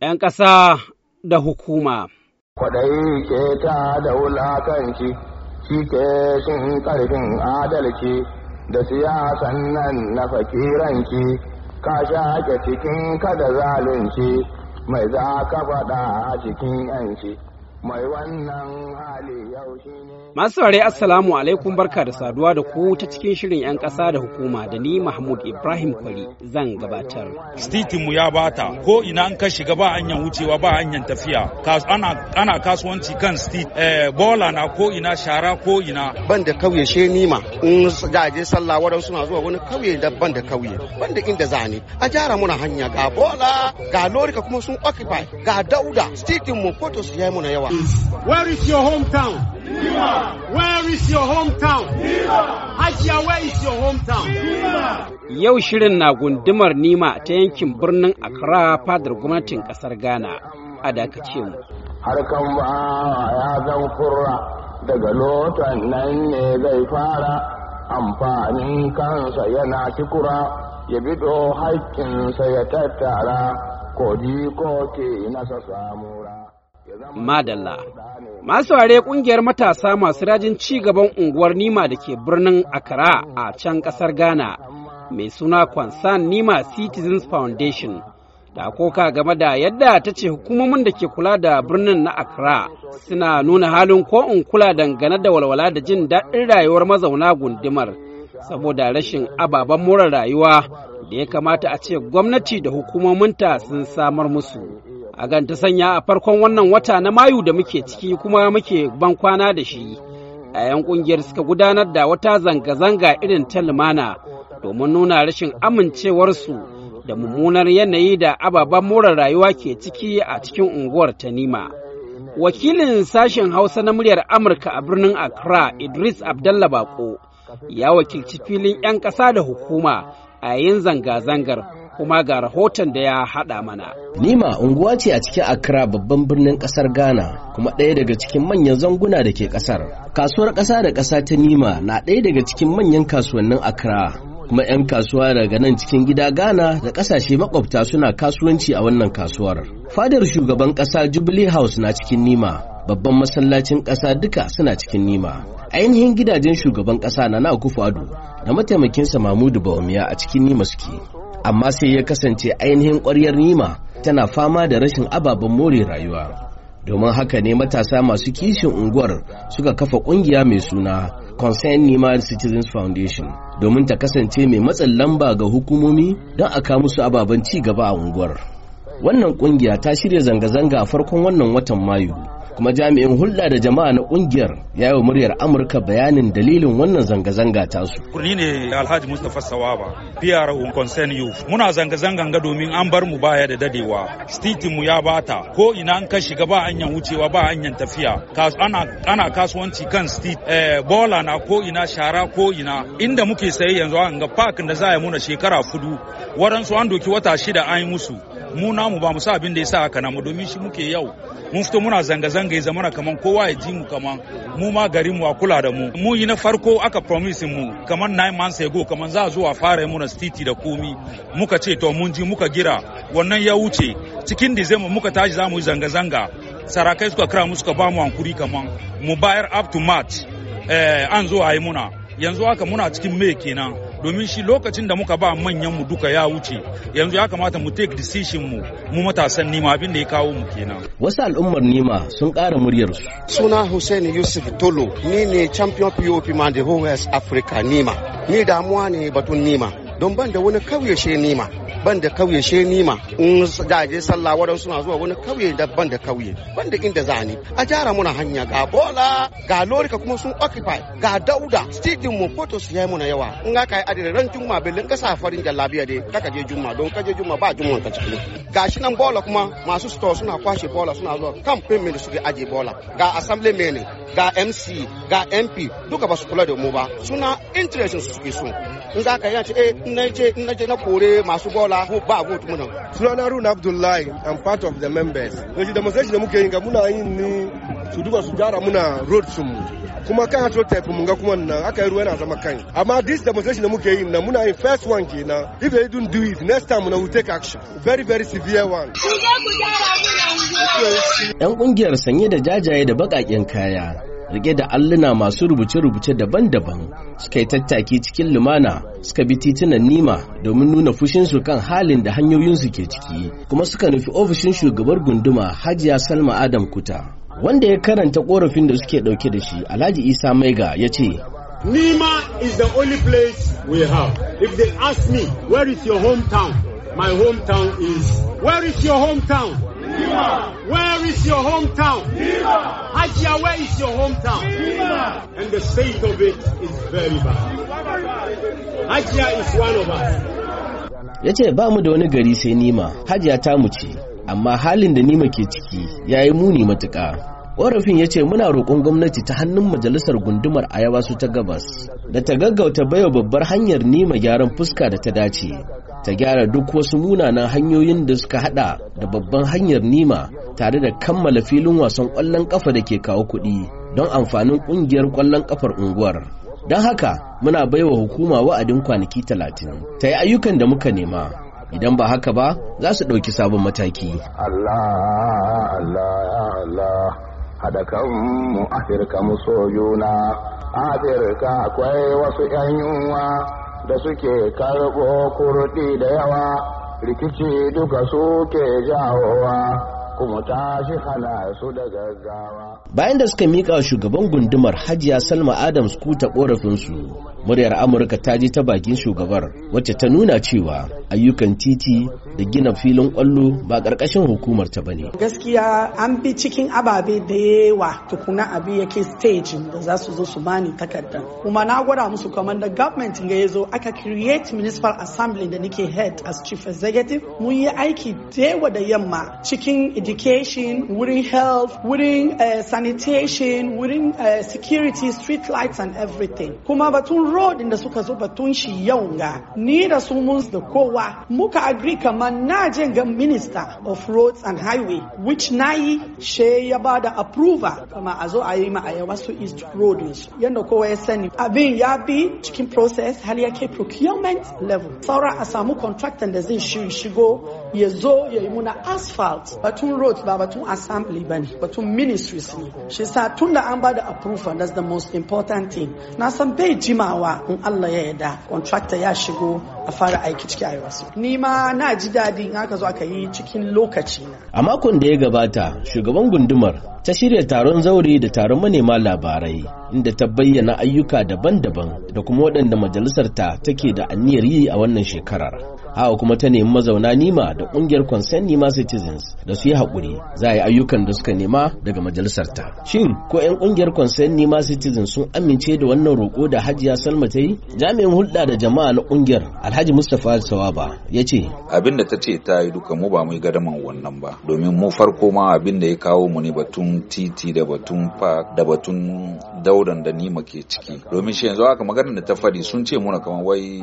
‘yan ƙasa da hukuma. Kwaɗayi ke ta da wulakanci, shi ke shin ƙarfin adalci da siyasan nan na fakiranci, ka shaƙe cikin kada zalunci, mai za ka faɗa cikin ‘yanci, mai wannan Masu ware Assalamu alaikum barka da saduwa da ku ta cikin shirin 'yan ƙasa da hukuma da ni Mahmud Ibrahim Kwari zan gabatar. mu ya bata ko ina an ka shiga ba hanyar wucewa ba hanyar tafiya. Ana, kasuwanci kan stit eh, bola na ko ina shara ko ina. Ban da kauye she nima in gaje sallah wadan suna zuwa wani kauye da ban da kauye ban da inda zane a jara muna hanya ga bola ga lorika kuma sun occupy ga dauda mu kotos ya yi muna yawa. Where is your hometown? Where Yau shirin na gundumar Nima ta yankin birnin Accra fadar gwamnatin kasar Ghana a dakace mu. Harkan ba ya zan kurra daga lotan nan ne zai fara amfanin kansa yana cikura ya bido haƙƙinsa ya tattara ko ke nasa samura. Madalla. Masu ware kungiyar matasa masu rajin ci gaban unguwar Nima da ke birnin Accra a can kasar Ghana mai suna Kwansan Nima Citizens Foundation da koka game da yadda ta ce hukumomin da ke kula da birnin na Accra suna nuna halin ko in kula dangane da walwala da jin daɗin rayuwar mazauna gundumar saboda rashin ababen more rayuwa da ya kamata a ce gwamnati da hukumominta sun samar musu. gan ta sanya a farkon wannan wata na Mayu da muke ciki kuma muke ban kwana da shi. A 'yan kungiyar suka gudanar da wata zanga-zanga irin ta lumana domin nuna rashin amincewarsu da mummunar yanayi da ababen more rayuwa ke ciki a cikin unguwar Nima. Wakilin sashen Hausa na muryar Amurka a birnin Accra, Idris Abdallah Bako, ya wakilci filin 'yan ƙasa da hukuma a yayin zanga-zangar kuma ga rahoton da ya haɗa mana. Nima unguwa ce a cikin Accra babban birnin ƙasar Ghana kuma ɗaya daga cikin manyan zanguna da ke ƙasar. Kasuwar ƙasa da ƙasa ta Nima na ɗaya daga cikin manyan kasuwannin Accra kuma 'yan kasuwa daga nan cikin gida Ghana da ƙasashe makwabta suna kasuwanci a wannan kasuwar. Fadar shugaban ƙasa Jubilee House na cikin Nima, babban masallacin ƙasa duka suna cikin Nima. Ainihin gidajen shugaban ƙasa na na Akufo-Addo da mataimakinsa Mahmudu Bawumia a cikin Nima suke. amma sai ya kasance ainihin ƙwaryar nima tana fama da rashin ababen more rayuwa domin haka ne matasa masu kishin unguwar suka kafa ƙungiya mai suna concern nima citizens foundation domin ta kasance mai matsin lamba ga hukumomi don a kawo musu ababen ci gaba a unguwar wannan ƙungiya ta shirya zanga-zanga a farkon wannan watan mayu kuma jami'in hulɗa da jama'a na ƙungiyar ya yi muryar amurka bayanin dalilin wannan zanga-zanga tasu ni ne alhaji mustapha sawaba pro concern youth muna zanga-zangan ga domin an bar mu baya da dadewa stitin mu ya bata ko ina an ka shiga ba hanyar wucewa ba hanyar tafiya ana kasuwanci kan stit eh, bola na ko ina shara ko ina inda muke sayi yanzu an ga park da za a yi muna shekara fudu waransu an doki wata shida an yi musu mu namu ba mu sa abin da ya sa haka mu domin shi muke yau mun fito muna zanga-zanga ya zama kaman kowa ya ji mu kaman mu ma garin mu a kula da mu mu yi na farko aka promise mu kaman nine months ago kaman za a zo a fara mu na titi da komi muka ce to mun ji muka gira wannan ya wuce cikin December muka tashi za mu yi zanga-zanga sarakai suka kira mu suka ba mu hankuri kaman mu bayar up to march eh, an zo a yi muna yanzu haka muna cikin me kenan domin shi lokacin da muka ba manyan mu duka ya wuce yanzu ya kamata mu take decision mu mu matasan nima abin da ya kawo mu kenan wasu al'ummar nima sun ƙara muryar su suna Hussein Yusuf Tolo ni ne champion POP man the whole West Africa nima ni damuwa ne batun nima don ban da wani kauye she nima ban da kauye she nima in da je sallah wadan suna zuwa wani kauye da ban da kauye ban da inda zani a jara muna hanya ga bola ga lorika kuma sun occupy ga dauda stadium mu koto su yayi muna yawa in aka yi adire ran juma belin ka farin da labiya dai kaka je juma don kaje juma ba juma ka cikin gashi nan bola kuma masu store suna kwashe bola suna zuwa campaign mai su ga aje bola ga assembly ne ga MC ga MP duka ba su kula da mu ba suna interest su suke so in za ka yi ce eh na je na kore masu bola sunana abdullahi i'm part members demonstration da muke muna yin ni su duba su kuma kan mun ga kuma nan aka yi ruwa na zama kan amma this demonstration da muke yi na muna yin first one kenan if they don't do it next time we will take action very very severe one yan kungiyar sanye da jajaye da bakaken kaya rike da alluna masu rubuce-rubuce daban-daban suka yi tattaki cikin lumana suka bi titunan nima domin nuna fushinsu kan halin da hanyoyinsu ke ciki kuma suka nufi ofishin shugabar gunduma hajiya salma adam kuta wanda ya karanta korafin da suke dauke da shi alhaji isa maiga ya ce Nima is the only place we have. If they ask me, where is your hometown? My hometown is, where is your hometown? Lima. Where is your hometown? Lima. where is your hometown? And the state of it is very bad. Hajia is one of us. Ya ce ba mu da wani gari sai Nima, Hajiya ta mu ce, amma halin da Nima ke ciki ya yi muni matuka. Ƙorafin ya ce muna roƙon gwamnati ta hannun majalisar gundumar Ayawa su ta gabas da ta gaggauta baiwa babbar hanyar nima gyaran fuska da ta dace ta gyara duk wasu munanan hanyoyin da suka hada da babban hanyar nima tare da kammala filin wasan ƙwallon ƙafa da ke kawo kuɗi don amfanin ƙungiyar kwallon ƙafar unguwar don haka muna baiwa hukuma wa'adin kwanaki talatin ta yi ayyukan da muka nema idan ba haka ba za su ɗauki sabon mataki Allah Allah Allah wasu 'yan yunwa da suke karɓo kurɗi da yawa rikici duka suke jawowa kuma ta shi hana su da gaggawa. Bayan da suka miƙa shugaban gundumar Hajiya Salma Adams kuta ƙorafinsu, muryar amurka ta ji ta bakin shugabar wacce ta nuna cewa ayyukan titi da gina filin kwallo ba ƙarƙashin hukumar ta bane gaskiya an bi cikin ababe da yawa tukuna abi yake stage da za su zo su bani takardar kuma na gwada musu kamar da government ga zo aka create municipal assembly da nake head as chief executive mun yi aiki dewa da yamma cikin education wurin health wurin eh, sanitation wurin eh, security street lights and everything kuma batun rodin da suka zo batun shi yau ga ni da su mun da kowa muka agree kamar na je ga minister of roads and highway which nayi she ya ba da approval kama a zo a yi ma a wasu east road su yadda kowa ya sani abin ya bi cikin process har ya ke procurement level saura a samu contractor da zai shigo ya zo ya yi muna asphalt batun roads ba batun assembly ba ne batun ministries ne shi sa tun da an ba da approval that's the most important thing na san bai jima nawa in Allah ya yarda contractor ya shigo a fara aiki ciki a wasu ni ma na ji daɗi in aka zo aka yi cikin lokaci na a makon da ya gabata shugaban gundumar ta shirya taron zauri da taron manema labarai inda ta bayyana ayyuka daban-daban da kuma waɗanda majalisar ta take da aniyar yi a wannan shekarar. Hawa kuma ta nemi mazauna Nima da ƙungiyar Concern Nima Citizens da su yi haƙuri za a yi ayyukan da suka nema daga majalisar ta. Shin ko 'yan ƙungiyar Concern Nima Citizens sun amince da wannan roƙo da Hajiya Salma ta yi? Jami'in hulɗa da jama'a na ƙungiyar Alhaji Mustapha Sawaba ya ce. Abin da ta ce ta yi duka mu ba mu yi gadaman wannan ba domin mu farko ma abin da ya kawo mu ne batun titi da batun park da batun dawa daudan da nima ke ciki domin shi yanzu haka magana da ta fari sun ce muna kamar wai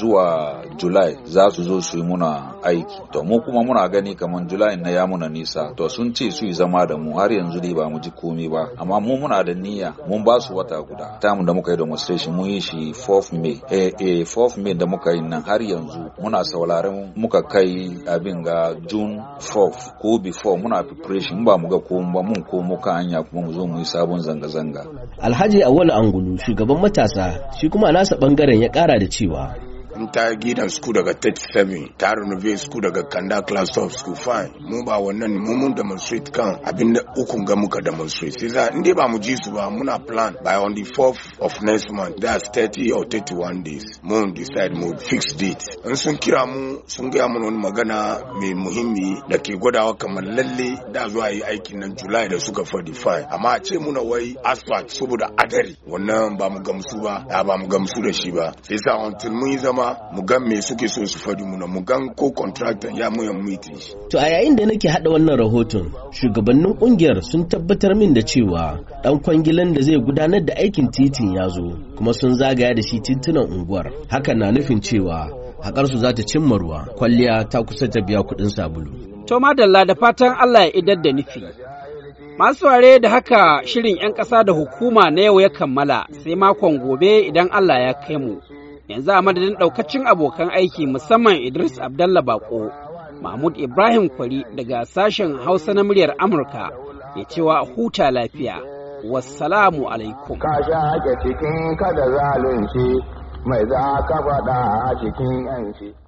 zuwa july za su zo su yi muna aiki to mu kuma muna gani kamar july na ya muna nisa to sun ce su yi zama da mu har yanzu dai ba mu ji komai ba amma mu muna da niyya mun ba su wata guda ta da muka yi demonstration mun yi shi 4th may eh, eh 4th may da muka yi nan har yanzu muna sauraron muka kai abin ga june 4th ko before muna preparation ba mu ga komai ba mun komo kan hanya kuma mu zo mu yi sabon zanga-zanga Alhaji Awal Angulu shugaban matasa shi kuma nasa bangaren ya kara da cewa in ta gidan school daga 37 ta renove school daga kanda class of school fine mu ba wannan mu mun street kan abin da ukun ga muka street sai in dai ba mu ji su ba muna plan by on the 4th of next month that's 30 or 31 days mun decide mu fix date in sun kira mu sun gaya mana wani magana mai muhimmi da ke gwadawa kamar lalle da zuwa yi aikin nan july da suka 45 amma a ce muna wai asphalt saboda adari wannan ba mu gamsu ba ba mu gamsu da shi ba sai sa until mun yi zama mu gan me suke so su fadi muna mu gan ko contractor ya mu yan to a yayin da nake hada wannan rahoton shugabannin kungiyar sun tabbatar min da cewa dan kwangilan da zai gudanar da aikin titin ya zo kuma sun zagaya da shi titunan unguwar Haka na nufin cewa haƙarsu za ta cimma ruwa kwalliya ta kusa ta biya kuɗin sabulu to madalla da fatan Allah ya idar da nufi Masu ware da haka shirin 'yan ƙasa da hukuma na yau ya kammala sai makon gobe idan Allah ya kai mu. yanzu a madadin ɗaukacin abokan aiki musamman Idris Abdallah Bako, Mahmud Ibrahim Kwari daga sashen Hausa na muryar Amurka ya cewa huta lafiya. Wassalamu alaikum. Ka sha cikin kada zalunci mai za ka faɗa a cikin 'yanci.